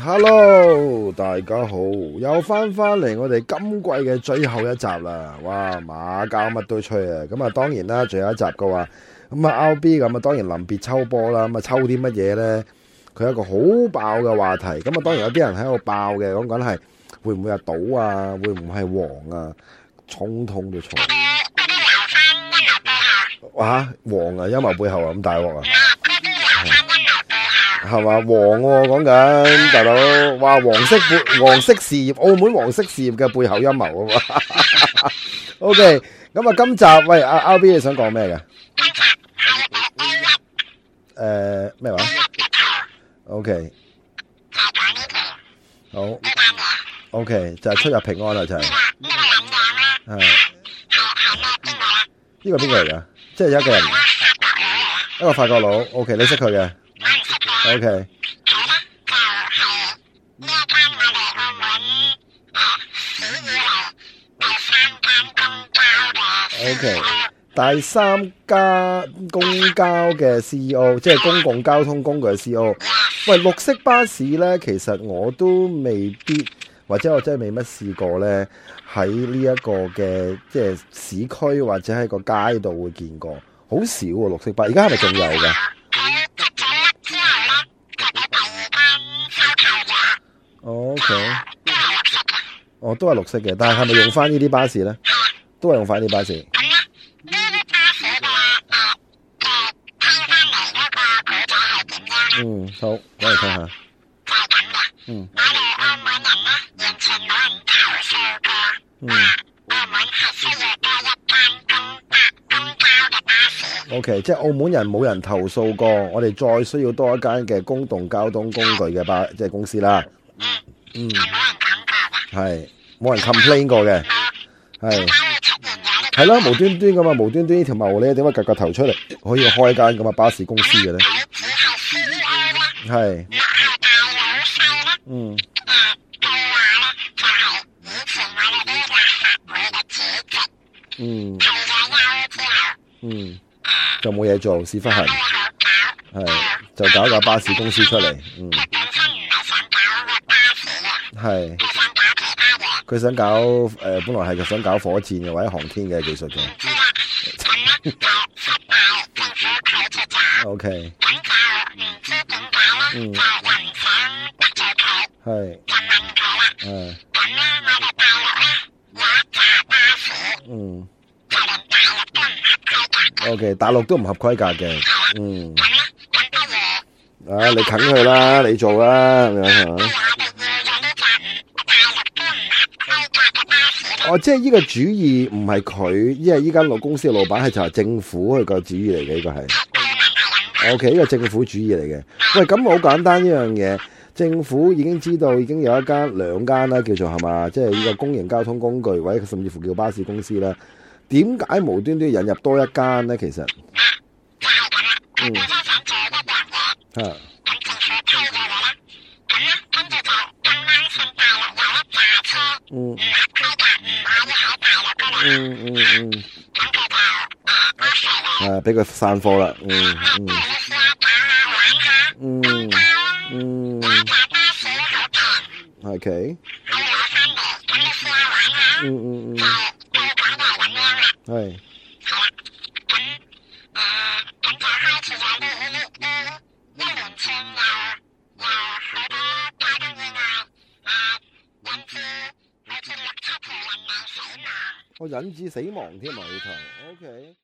Hello，大家好，又翻翻嚟，我哋今季嘅最後一集啦。哇，馬交乜都吹啊！咁啊，當然啦，最後一集嘅話，咁啊，L B 咁啊，當然臨別抽波啦。咁啊，抽啲乜嘢咧？佢有一個好爆嘅話題。咁啊，當然有啲人喺度爆嘅，講緊係會唔會係賭啊？會唔會係黃啊？衝通就重。吓，黃啊？陰謀背後啊？咁大鑊啊？係嘛黃我講緊大佬話黃色黃黃色事業澳門黃色事業嘅背後陰謀啊嘛。O K，咁啊今集喂阿阿 B，你想講咩嘅？誒咩話？O K，好。O K 就係出入平安啦，就係。係係咩？呢個邊個嚟噶？即係有一個人，一個法國佬。O K，你識佢嘅？O K。O K。第三家公交嘅 C E O，即係公共交通工具嘅 C E O。喂，綠色巴士咧，其實我都未必，或者我真係未乜試過咧，喺呢一個嘅即係市區或者喺個街度會見過，好少啊！綠色巴士，而家係咪仲有噶？哦，都係綠色嘅，但係係咪用翻呢啲巴士咧？都係用翻呢啲巴士。嗯，好，我嚟睇下。嗯。嗯。OK，即係澳門人冇人投訴過，我哋再需要多一間嘅公共交通工具嘅巴，即係公司啦。嗯，係冇人 complain 過嘅，係係咯，無端端咁啊，無端端呢條毛咧，點解夾夾頭出嚟可以開間咁嘅巴士公司嘅咧？係，嗯，嗯，就冇嘢做，屎忽痕，係就搞架巴士公司出嚟，嗯。係，佢想搞誒，本來係佢想搞火箭嘅或者航天嘅技術嘅。OK。想教唔知點教咧，就人想得罪佢，係，就問佢啦。係，咁咧我哋大陸咧也架巴士，嗯，就嚟大陸都唔合規格嘅，嗯。啊，你啃佢啦，你做啦，你係咪？哦，即係呢個主意唔係佢，因為呢間老公司嘅老闆係就係政府佢個主意嚟嘅，呢、這個係 O K，呢個政府主意嚟嘅。喂，咁好簡單一樣嘢，政府已經知道已經有一間、兩間啦，叫做係嘛，即係呢個公營交通工具或者甚至乎叫巴士公司啦。點解無端端引入多一間呢？其實，嗯，嗯啊，咁、嗯、咧，跟唔係。嗯嗯嗯，啊俾佢散貨啦，嗯嗯嗯，OK，嗯嗯嗯，係。我引致死亡添啊！呢同，OK